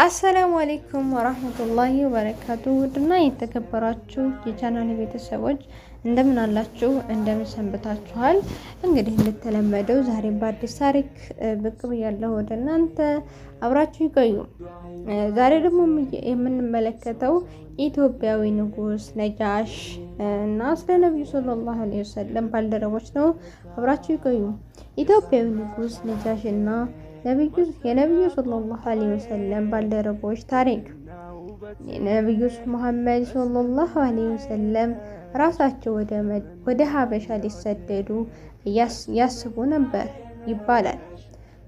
አሰላሙ አሌይኩም ወራህመቱላሂ ወበረካቱ። ውድና የተከበራችሁ የቻናል ቤተሰቦች እንደምን አላችሁ? እንደምን ሰንብታችኋል? እንግዲህ እንደተለመደው ዛሬም በአዲስ ታሪክ ብቅ ብያለሁ ወደ እናንተ አብራችሁ ይቆዩ። ዛሬ ደግሞ የምንመለከተው ኢትዮጵያዊ ንጉስ ነጃሽ እና ስለ ነቢዩ ሰለላሁ ዐለይሂ ወሰለም ባልደረቦች ነው። አብራችሁ ይቆዩ። ኢትዮጵያዊ ንጉስ ነጃሽ እና የነቢዩ ሰለላሁ ዐለይሂ ወሰለም ባልደረቦች ታሪክ የነቢዩ መሐመድ ሰለላሁ ዐለይሂ ወሰለም ራሳቸው ወደ ሀበሻ ሊሰደዱ ያስቡ ነበር ይባላል።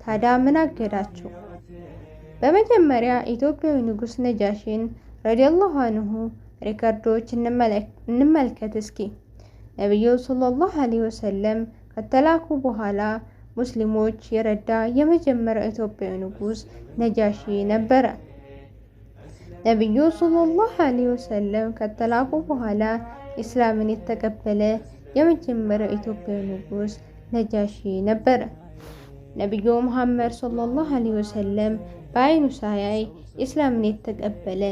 ታዲያ ምን አገዳቸው? በመጀመሪያ ኢትዮጵያዊ ንጉሥ ነጃሽን ረዲየላሁ አንሁ ሪከርዶች እንመልከት እስኪ። ነቢዩ ሰለላሁ ዐለይሂ ወሰለም ከተላኩ በኋላ ሙስሊሞች የረዳ የመጀመሪያው ኢትዮጵያዊ ንጉስ ነጃሺ ነበረ። ነቢዩ ሰለላሁ ዐለይሂ ወሰለም ከተላኩ በኋላ ኢስላምን የተቀበለ የመጀመሪያው ኢትዮጵያዊ ንጉስ ነጃሺ ነበረ። ነቢዩ መሐመድ ሰለላሁ ዐለይሂ ወሰለም በአይኑ ሳያይ ኢስላምን የተቀበለ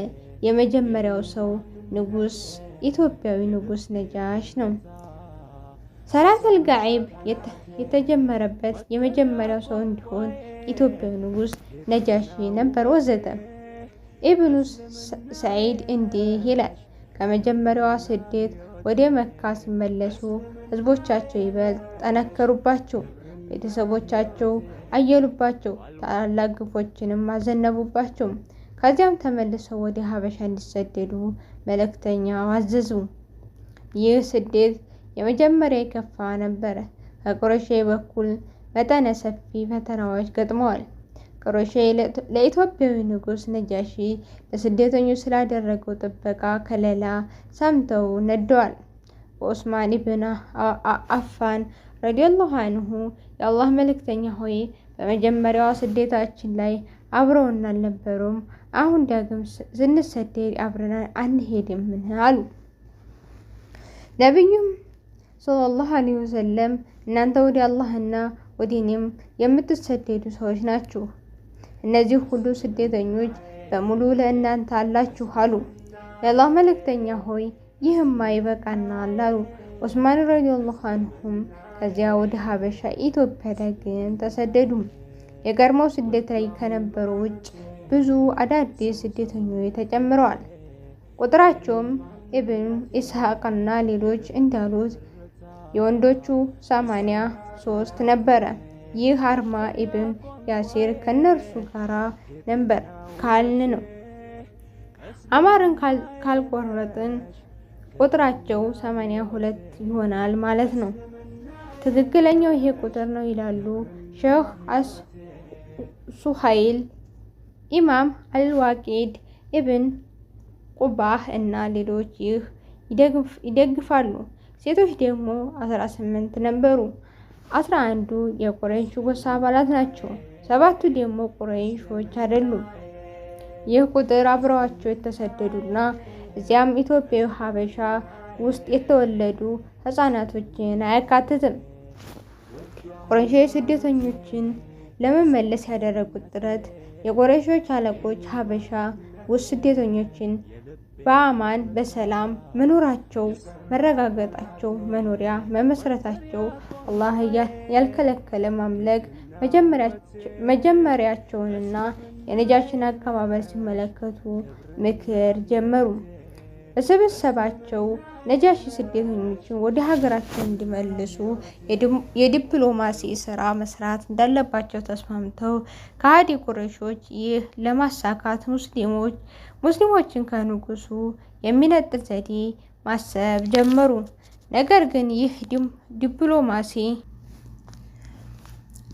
የመጀመሪያው ሰው ንጉስ ኢትዮጵያዊ ንጉስ ነጃሽ ነው። ሰላተል ጋዒብ የተጀመረበት የመጀመሪያው ሰው እንዲሆን ኢትዮጵያ ንጉስ ነጃሺ ነበር ወዘተ። ኢብኑ ሰዒድ እንዲህ ይላል። ከመጀመሪያዋ ስደት ወደ መካ ሲመለሱ ህዝቦቻቸው ይበልጥ ጠነከሩባቸው፣ ቤተሰቦቻቸው አየሉባቸው፣ ታላላቅ ግፎችንም አዘነቡባቸው። ከዚያም ተመልሰው ወደ ሀበሻ እንዲሰደዱ መልእክተኛው አዘዙ። ይህ ስደት የመጀመሪያ የከፋ ነበረ። ከቁረሼ በኩል መጠነ ሰፊ ፈተናዎች ገጥመዋል። ቁረሼ ለኢትዮጵያዊ ንጉሥ ነጃሺ ለስደተኞች ስላደረገው ጥበቃ ከለላ ሰምተው ነደዋል። በኦስማን ኢብን አፋን ረዲየላሁ አንሁ የአላህ መልእክተኛ ሆይ በመጀመሪያዋ ስደታችን ላይ አብረውን አልነበሩም። አሁን ዳግም ስንሰደድ አብረን አንሄድም አሉ። ነቢዩም ሰለላሁ አለይሂ ወሰለም እናንተ ወደ አላህና ወደ እኔም የምትሰደዱ ሰዎች ናችሁ። እነዚህ ሁሉ ስደተኞች በሙሉ ለእናንተ አላችሁ አሉ። የአላህ መልእክተኛ ሆይ ይህማ ይበቃናል አሉ። ዑስማን ረዲየላሁ አንሁም ከዚያ ወደ ሀበሻ ኢትዮጵያ ዳግም ተሰደዱ። የቀድሞው ስደት ላይ ከነበሩ ውጭ ብዙ አዳዲስ ስደተኞች ተጨምረዋል። ቁጥራቸውም ኢብን ኢስሐቅና ሌሎች እንዳሉት የወንዶቹ 83 ነበረ። ይህ አርማ ኢብን ያሲር ከነርሱ ጋራ ነበር ካልን ነው። አማርን ካልቆረጥን ቁጥራቸው 82 ይሆናል ማለት ነው። ትክክለኛው ይሄ ቁጥር ነው ይላሉ ሼህ አስ ሱሀይል ኢማም አልዋቂድ ኢብን ቁባህ እና ሌሎች ይህ ይደግፋሉ። ሴቶች ደግሞ 18 ነበሩ። አስራ 11ዱ የቁረይሽ ጎሳ አባላት ናቸው። ሰባቱ ደግሞ ቁረይሾች አይደሉም። ይህ ቁጥር አብረዋቸው የተሰደዱና እዚያም ኢትዮጵያ ሀበሻ ውስጥ የተወለዱ ህጻናቶችን አያካትትም። ቁረይሾች ስደተኞችን ለመመለስ ያደረጉት ጥረት የቁረይሾች አለቆች ሀበሻ ውስጥ ስደተኞችን በአማን በሰላም መኖራቸው መረጋገጣቸው መኖሪያ መመስረታቸው አላህ ያልከለከለ ማምለክ መጀመሪያቸውንና የነጃችን አቀባበል ሲመለከቱ ምክር ጀመሩ። በሰበሰባቸው ነጃሺ ስደተኞችን ወደ ሀገራቸው እንዲመልሱ የዲፕሎማሲ ስራ መስራት እንዳለባቸው ተስማምተው ከአዲ ቁረሾች ይህ ለማሳካት ሙስሊሞች ሙስሊሞችን ከንጉሱ የሚነጥል ዘዴ ማሰብ ጀመሩ። ነገር ግን ይህ ዲፕሎማሲ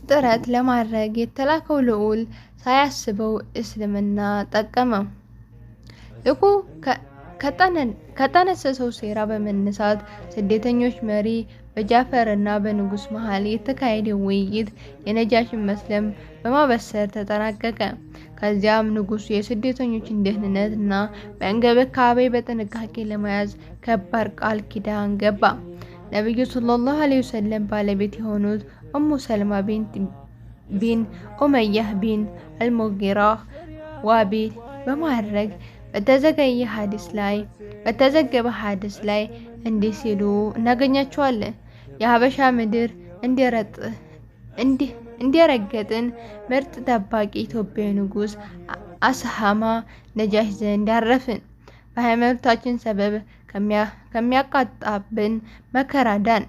ጥረት ለማድረግ የተላከው ልዑል ሳያስበው እስልምና ጠቀመው። ልዑኩ ከጠነሰሰው ሴራ በመነሳት ስደተኞች መሪ በጃፈር እና በንጉስ መሃል የተካሄደ ውይይት የነጃሽን መስለም በማበሰር ተጠናቀቀ። ከዚያም ንጉሱ የስደተኞችን ደህንነት እና በእንክብካቤ በጥንቃቄ ለመያዝ ከባድ ቃል ኪዳን ገባ። ነቢዩ ሰለላሁ ዐለይሂ ወሰለም ባለቤት የሆኑት እሙ ሰልማ ቢን ኡመያህ ቢን አልሙጊራህ ዋቢል በማድረግ በተዘገየ ሀዲስ ላይ በተዘገበ ሀዲስ ላይ እንዲህ ሲሉ እናገኛቸዋለን። የሀበሻ ምድር እንዲረገጥን ምርጥ ጠባቂ ኢትዮጵያ ንጉስ አስሃማ ነጃሽ ዘንድ አረፍን። በሃይማኖታችን ሰበብ ከሚያቃጣብን መከራዳን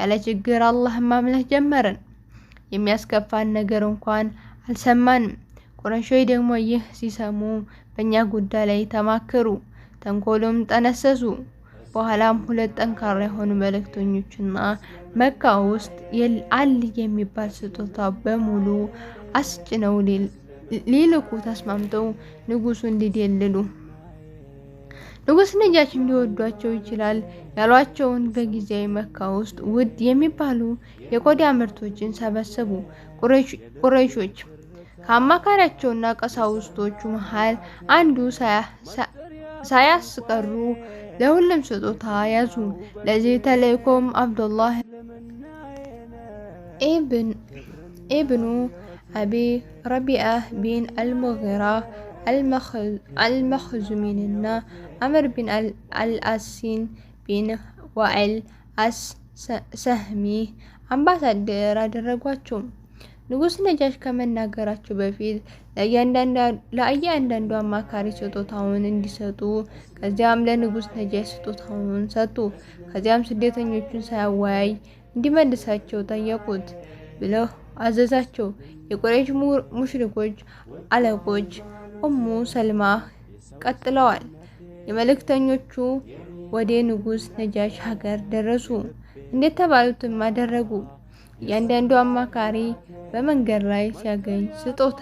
ያለ ችግር አላህን ማምለክ ጀመርን። የሚያስከፋን ነገር እንኳን አልሰማንም። ቁረሾይ ደግሞ ይህ ሲሰሙ በእኛ ጉዳይ ላይ ተማከሩ፣ ተንኮሎም ጠነሰሱ። በኋላም ሁለት ጠንካራ የሆኑ መልእክተኞችና መካ ውስጥ አል የሚባል ስጦታ በሙሉ አስጭነው ሊልኩ ተስማምተው ንጉሱን ሊደልሉ። ንጉስ ነጃሽ ሊወዷቸው ይችላል ያሏቸውን በጊዜያዊ መካ ውስጥ ውድ የሚባሉ የቆዳ ምርቶችን ሰበሰቡ ቁረይሾች። ከአማካሪያቸውና ቀሳውስቶቹ መሃል አንዱ ሳያስቀሩ ለሁሉም ስጦታ ያዙ። ለዚህ ተልእኮም አብዱላህ ኢብኑ አቢ ረቢአ ቢን አልሙጊራ አልመኽዙሚንና አምር ቢን አልአሲን ቢን ዋዕል አስ ሰህሚ አምባሳደር አደረጓቸው። ንጉስ ነጃሽ ከመናገራቸው በፊት ለእያንዳንዱ አማካሪ ስጦታውን እንዲሰጡ ከዚያም ለንጉስ ነጃሽ ስጦታውን ሰጡ። ከዚያም ስደተኞቹን ሳያወያይ እንዲመልሳቸው ጠየቁት ብለው አዘዛቸው። የቁረይሽ ሙሽሪኮች አለቆች ኡሙ ሰልማ ቀጥለዋል። የመልእክተኞቹ ወደ ንጉስ ነጃሽ ሀገር ደረሱ። እንደተባሉትም አደረጉ። እያንዳንዱ አማካሪ በመንገድ ላይ ሲያገኝ ስጦታ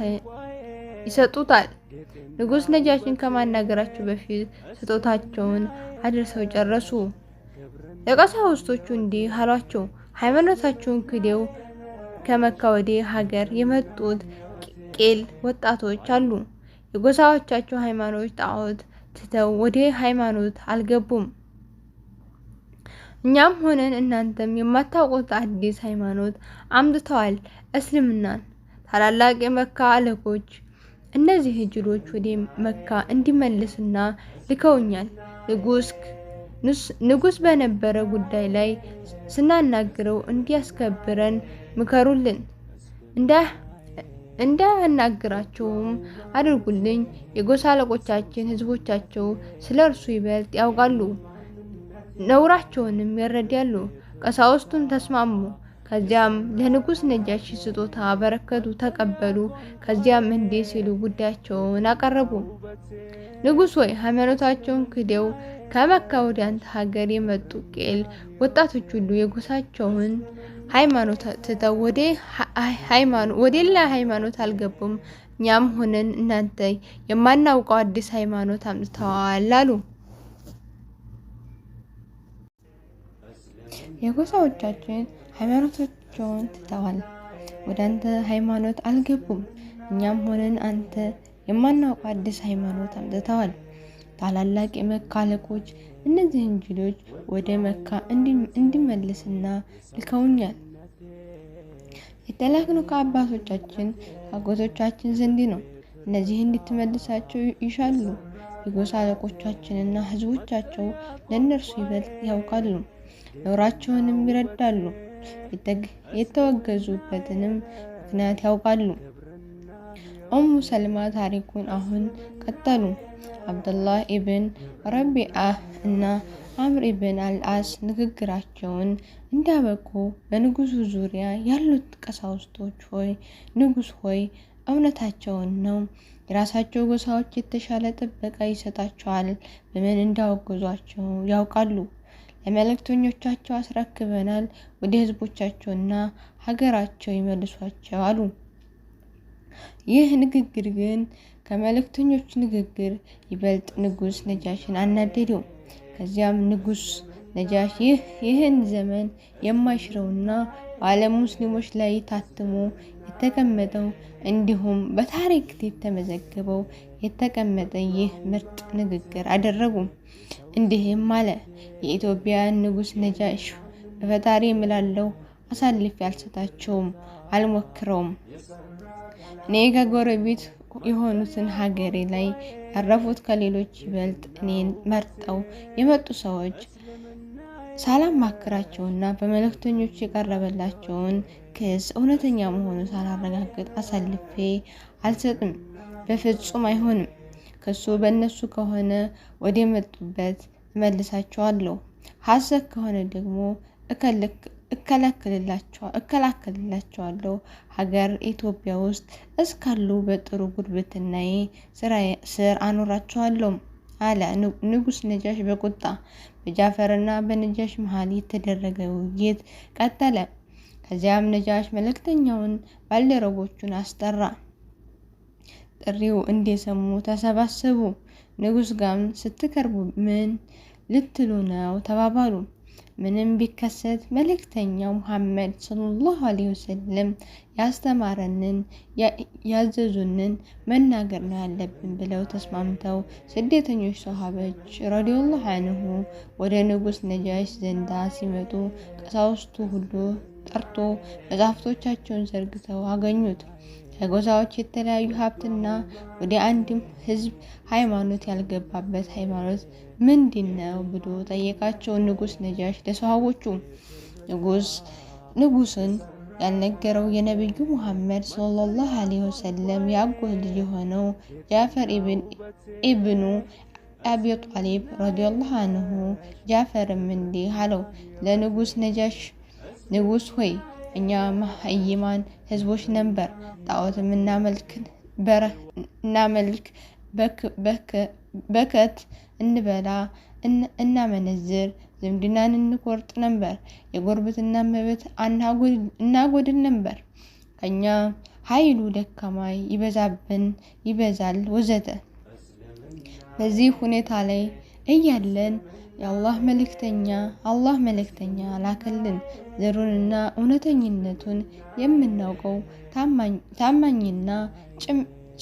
ይሰጡታል። ንጉሥ ነጃሽን ከማናገራቸው በፊት ስጦታቸውን አድርሰው ጨረሱ። ለቀሳውስቶቹ እንዲህ አሏቸው፣ ሃይማኖታቸውን ክደው ከመካ ወደ ሀገር የመጡት ቄል ወጣቶች አሉ። የጎሳዎቻቸው ሃይማኖት ጣዖት ትተው ወደ ሃይማኖት አልገቡም። እኛም ሆነን እናንተም የማታውቁት አዲስ ሃይማኖት አምጥተዋል፣ እስልምናን። ታላላቅ የመካ አለቆች እነዚህ ጅሎች ወደ መካ እንዲመልስና ልከውኛል። ንጉስ በነበረ ጉዳይ ላይ ስናናግረው እንዲያስከብረን ምከሩልን፣ እንዳያናግራቸውም አድርጉልኝ። የጎሳ አለቆቻችን ህዝቦቻቸው ስለ እርሱ ይበልጥ ያውቃሉ። ነውራቸውንም ይረዳሉ። ቀሳውስቱም ተስማሙ። ከዚያም ለንጉስ ነጃሺ ስጦታ አበረከቱ፣ ተቀበሉ። ከዚያም እንዲህ ሲሉ ጉዳያቸውን አቀረቡ። ንጉስ ሆይ ሃይማኖታቸውን ክደው ከመካ ወደ አንተ ሀገር የመጡ ቄል ወጣቶች ሁሉ የጎሳቸውን ሃይማኖት ትተው ወደ ሌላ ሃይማኖት አልገቡም። እኛም ሆነን እናንተ የማናውቀው አዲስ ሃይማኖት አምጥተዋል አሉ። የጎሳዎቻችን ሃይማኖታቸውን ትተዋል፣ ወደ አንተ ሃይማኖት አልገቡም። እኛም ሆነን አንተ የማናውቀ አዲስ ሃይማኖት አምጥተዋል። ታላላቅ የመካ አለቆች እነዚህን ጅሎች ወደ መካ እንዲመልስና ልከውኛል። የተላክነው ከአባቶቻችን ከአጎቶቻችን ዘንድ ነው። እነዚህ እንድትመልሳቸው ይሻሉ። የጎሳ አለቆቻችንና ህዝቦቻቸው ለእነርሱ ይበልጥ ያውቃሉ። ኖራቸውንም ይረዳሉ፣ የተወገዙበትንም ምክንያት ያውቃሉ። ኡሙ ሰልማ ታሪኩን አሁን ቀጠሉ። አብዱላህ ኢብን ረቢአ እና አምር ኢብን አልአስ ንግግራቸውን እንዳበቁ በንጉሱ ዙሪያ ያሉት ቀሳውስቶች ሆይ ንጉስ ሆይ እውነታቸውን ነው። የራሳቸው ጎሳዎች የተሻለ ጥበቃ ይሰጣቸዋል። በምን እንዳወገዟቸው ያውቃሉ። ለመልእክተኞቻቸው አስረክበናል፣ ወደ ህዝቦቻቸውና ሀገራቸው ይመልሷቸው አሉ። ይህ ንግግር ግን ከመልእክተኞች ንግግር ይበልጥ ንጉስ ነጃሽን አናደደው። ከዚያም ንጉስ ነጃሽ ይህ ይህን ዘመን የማይሽረውና በዓለም ሙስሊሞች ላይ ታትሞ የተቀመጠው እንዲሁም በታሪክ የተመዘገበው የተቀመጠ ይህ ምርጥ ንግግር አደረጉ። እንዲህም አለ፣ የኢትዮጵያ ንጉሥ ነጃሽ በፈጣሪ የምላለው አሳልፌ አልሰጣቸውም፣ አልሞክረውም። እኔ ከጎረቤት የሆኑትን ሀገሬ ላይ ያረፉት ከሌሎች ይበልጥ እኔን መርጠው የመጡ ሰዎች ሳላማክራቸውና በመልእክተኞች የቀረበላቸውን ክስ እውነተኛ መሆኑ ሳላረጋግጥ አሳልፌ አልሰጥም። በፍጹም አይሆንም። ከሱ በእነሱ ከሆነ ወደ መጡበት እመልሳቸዋለሁ፣ ሐሰት ከሆነ ደግሞ እከላከልላቸዋለሁ። ሀገር ኢትዮጵያ ውስጥ እስካሉ በጥሩ ጉርብትናዬ ስር አኖራቸዋለሁ አለ ንጉስ ነጃሽ በቁጣ። በጃፈርና በነጃሽ መሀል የተደረገ ውይይት ቀጠለ። ከዚያም ነጃሽ መልእክተኛውን ባልደረቦቹን አስጠራ። ጥሪው እንደሰሙ ተሰባሰቡ። ንጉሥ ጋም ስትቀርቡ ምን ልትሉ ነው ተባባሉ። ምንም ቢከሰት መልእክተኛው ሙሐመድ ሰለላሁ ዐለይሂ ወሰለም ያስተማረንን ያዘዙንን መናገር ነው ያለብን ብለው ተስማምተው ስደተኞች ሰሃቦች ረዲየላሁ አንሁ ወደ ንጉስ ነጃሽ ዘንዳ ሲመጡ ቀሳውስቱ ሁሉ ጠርቶ መጽሐፍቶቻቸውን ዘርግተው አገኙት። ጨጎዛዎች የተለያዩ ሀብትና ወደ አንድም ህዝብ ሃይማኖት ያልገባበት ሃይማኖት ምንድን ነው ብሎ ጠየቃቸው ንጉስ ነጃሽ ለሰሃቦቹ። ንጉስ ንጉስን ያልነገረው የነቢዩ ሙሐመድ ሰለላሁ ዐለይሂ ወሰለም የአጎት ልጅ የሆነው ጃፈር ኢብኑ አቢ ጣሊብ ረዲየላሁ አንሁ ጃፈርም እንዲህ አለው ለንጉስ ነጃሽ ንጉስ ሆይ እኛ መሀይማን ህዝቦች ነበር። ጣዖትም እናመልክ፣ በከት እንበላ፣ እናመነዝር፣ ዝምድናን እንቆርጥ ነበር። የጎርብትና መብት እናጎድል ነበር። ከኛ ኃይሉ ደካማ ይበዛብን ይበዛል ወዘተ። በዚህ ሁኔታ ላይ እያለን የአላህ መልእክተኛ አላህ መልእክተኛ ላከልን። ዘሩንና እውነተኝነቱን የምናውቀው ታማኝና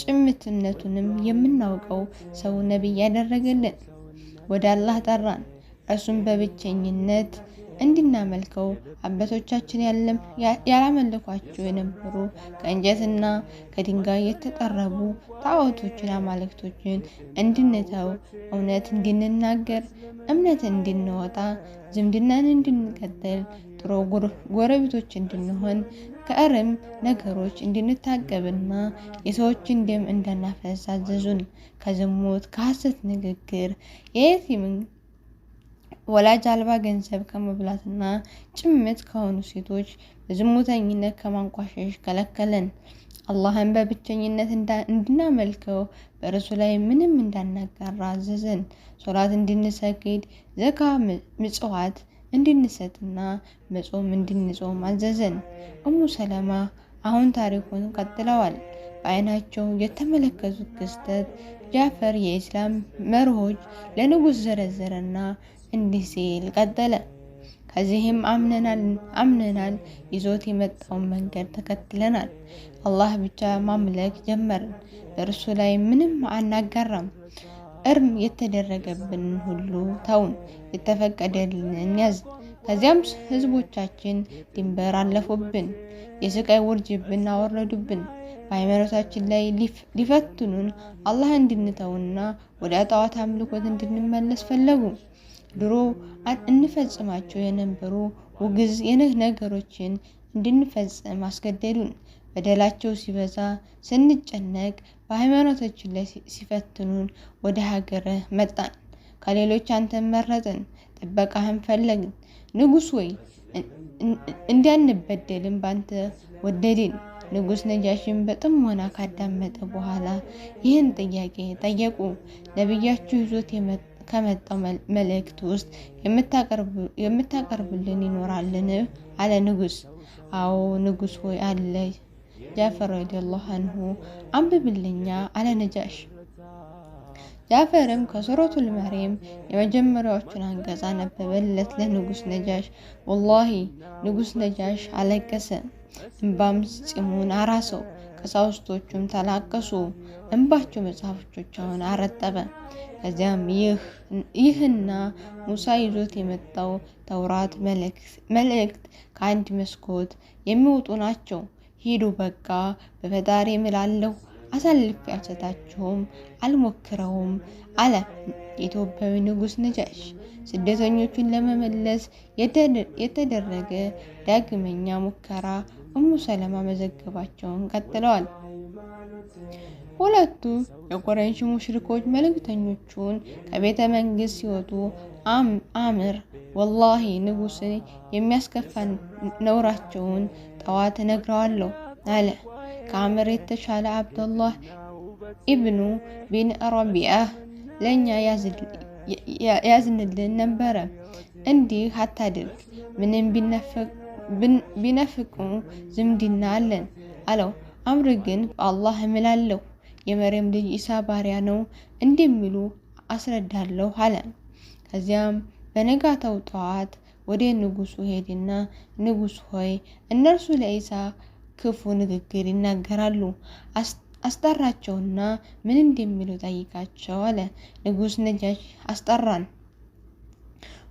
ጭምትነቱንም የምናውቀው ሰው ነቢይ ያደረገልን። ወደ አላህ ጠራን። እሱም በብቸኝነት እንድናመልከው አባቶቻችን ያላመለኳቸው የነበሩ ከእንጨትና ከድንጋይ የተጠረቡ ጣዖቶችን አማልክቶችን እንድንተው እውነት እንድንናገር እምነት እንድንወጣ ዝምድናን እንድንቀጥል ጥሩ ጎረቤቶች እንድንሆን ከእርም ነገሮች እንድንታቀብና የሰዎችን ደም እንዳናፈስ አዘዙን። ከዝሙት ከሐሰት ንግግር የየቲምን ወላጅ አልባ ገንዘብ ከመብላትና ጭምት ከሆኑ ሴቶች በዝሙተኝነት ከማንቋሸሽ ከለከለን። አላህን በብቸኝነት እንድናመልከው በእርሱ ላይ ምንም እንዳናጋራ አዘዘን። ሶላት እንድንሰግድ፣ ዘካ ምጽዋት እንድንሰጥና መጾም እንድንጾም አዘዘን። እሙ ሰለማ አሁን ታሪኩን ቀጥለዋል። በአይናቸው የተመለከቱት ክስተት ጃፈር የኢስላም መርሆች ለንጉሥ ዘረዘረና እንዲህ ሲል ቀጠለ። ከዚህም አምነናል አምነናል ይዞት የመጣውን መንገድ ተከትለናል። አላህ ብቻ ማምለክ ጀመርን። በእርሱ ላይ ምንም አናጋራም። እርም የተደረገብን ሁሉ ተውን፣ የተፈቀደልንን ያዝ። ከዚያም ህዝቦቻችን ድንበር አለፉብን፣ የስቃይ ውርጅብን አወረዱብን። በሃይማኖታችን ላይ ሊፈትኑን አላህ እንድንተውና ወደ ጣዖት አምልኮት እንድንመለስ ፈለጉ። ድሮ እንፈጽማቸው የነበሩ ውግዝ የነህ ነገሮችን እንድንፈጽም አስገደዱን። በደላቸው ሲበዛ ስንጨነቅ፣ በሃይማኖታችን ላይ ሲፈትኑን ወደ ሀገር መጣን። ከሌሎች አንተን መረጥን፣ ጥበቃህን ፈለግን። ንጉስ ወይ እንዲያንበደልን ባንተ ወደድን። ንጉስ ነጃሽን በጥሞና ካዳመጠ በኋላ ይህን ጥያቄ ጠየቁ። ነቢያችሁ ይዞት የመጣ ከመጣው መልእክት ውስጥ የምታቀርብልን ይኖራልን? አለ ንጉስ አዎ ንጉስ ሆይ አለ ጃፈር ረዲየላሁ አንሁ አንብብልኛ አለ ነጃሽ። ጃፈርም ከሱረቱል መሪም የመጀመሪያዎቹን አንቀጽ አነበበለት ለንጉስ ነጃሽ። ወላሂ ንጉስ ነጃሽ አለቀሰ፣ እንባም ፂሙን አራሰው። ቀሳውስቶቹም ተላቀሱ፣ እንባቸው መጽሐፎቻቸውን አረጠበ። ከዚያም ይህና ሙሳ ይዞት የመጣው ተውራት መልእክት ከአንድ መስኮት የሚወጡ ናቸው። ሂዱ በቃ በፈጣሪ እምላለሁ አሳልፌ አልሰጣችሁም፣ አልሞክረውም አለ የኢትዮጵያዊ ንጉሥ ነጃሽ። ስደተኞቹን ለመመለስ የተደረገ ዳግመኛ ሙከራ እሙ ሰለማ መዘገባቸውን ቀጥለዋል። ሁለቱ የቆረንሽ ሙሽሪኮች መልእክተኞቹን ከቤተ መንግስት ሲወጡ አምር ወላሂ ንጉስ የሚያስከፋ ነውራቸውን ጠዋት እነግረዋለሁ አለ። ከአምር የተሻለ አብደላህ ኢብኑ ቢን ረቢአ ለእኛ ያዝንልን ነበረ። እንዲህ አታድርግ፣ ምንም ቢነፍቁ ዝምድና አለን አለው። አምር ግን በአላህ እምላለሁ የመርየም ልጅ ኢሳ ባሪያ ነው እንደሚሉ አስረዳለሁ አለ። ከዚያም በነጋታው ጠዋት ወደ ንጉሱ ሄድና ንጉስ ሆይ እነርሱ ለኢሳ ክፉ ንግግር ይናገራሉ። አስጠራቸውና ምን እንደሚሉ ጠይቃቸው አለ። ንጉስ ነጃሽ አስጠራን።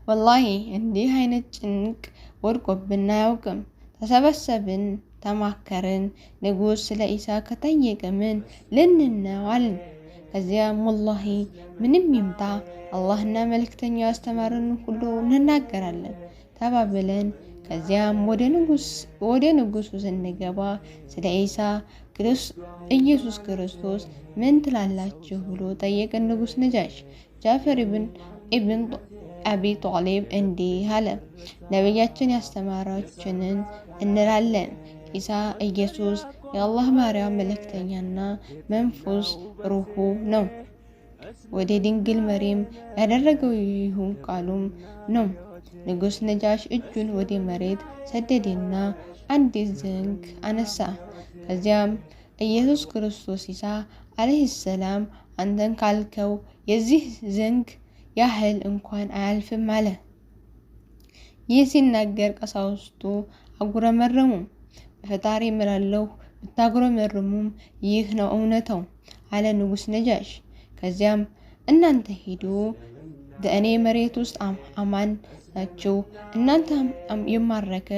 ወላሂ እንዲህ አይነት ጭንቅ ወድቆብን አያውቅም። ተሰበሰብን፣ ተማከርን። ንጉስ ስለ ኢሳ ከጠየቀ ምን ልንነዋል? ከዚያም ወላሂ ምንም ይምጣ አላህና መልእክተኛው ያስተማርን ሁሉ እንናገራለን ተባብለን ከዚያም ወደ ንጉሱ ስንገባ ስለ ኢሳ ኢየሱስ ክርስቶስ ምን ትላላችሁ ብሎ ጠየቀን። ንጉስ ነጃሽ ጃፈር ብን ኢብን አቢ ጦሊብ እንዲህ አለ፣ ነቢያችን ያስተማራችንን እንላለን። ኢሳ ኢየሱስ የአላህ ማርያም መልእክተኛና መንፉስ ሩሁ ነው። ወደ ድንግል መሪም ያደረገው ይሁን ቃሉም ነው። ንጉሥ ነጃሽ እጁን ወደ መሬት ሰደደና አንዲት ዘንግ አነሳ። ከዚያም ኢየሱስ ክርስቶስ ኢሳ ዓለይሂ ሰላም አንተን ካልከው የዚህ ዘንግ ያህል እንኳን አያልፍም አለ። ይህ ሲናገር ቀሳውስቱ አጉረመረሙ። በፈጣሪ ምላለሁ ብታጉረመርሙም ይህ ነው እውነታው አለ ንጉሥ ነጃሽ። ከዚያም እናንተ ሂዱ በእኔ መሬት ውስጥ አማን ናቸው። እናንተ የማረከ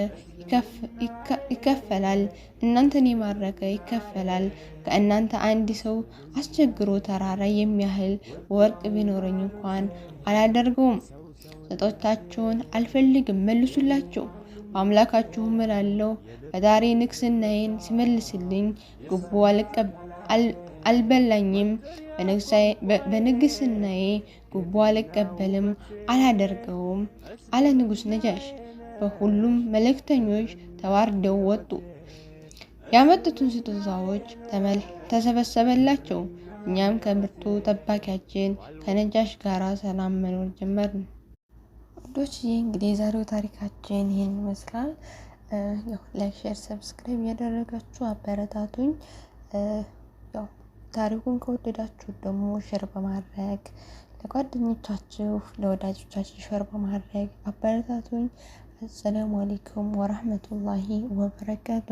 ይከፈላል፣ እናንተን የማረከ ይከፈላል። ከእናንተ አንድ ሰው አስቸግሮ ተራራ የሚያህል ወርቅ ቢኖረኝ እንኳን አላደርገውም። ስጦታቸውን አልፈልግም፣ መልሱላቸው። በአምላካችሁም ምላለው ፈጣሪ ንግስናዬን ሲመልስልኝ ጉቦ አልበላኝም፣ በንግስናዬ ጉቦ አልቀበልም፣ አላደርገውም አለ ንጉስ ነጃሽ። በሁሉም መልእክተኞች ተዋርደው ወጡ። ያመጡትን ስጦታዎች ተሰበሰበላቸው። እኛም ከምርቱ ጠባቂያችን ከነጃሽ ጋር ሰላም መኖር ጀመርን። ወዶች እንግዲህ የዛሬው ታሪካችን ይህን ይመስላል። ላይክ፣ ሼር፣ ሰብስክራይብ እያደረጋችሁ አበረታቱኝ። ታሪኩን ከወደዳችሁት ደግሞ ሸር በማድረግ ለጓደኞቻችሁ ለወዳጆቻችሁ ሸር በማድረግ አበረታቱኝ። አሰላሙ አሌይኩም ወራህመቱላሂ ወበረካቱ።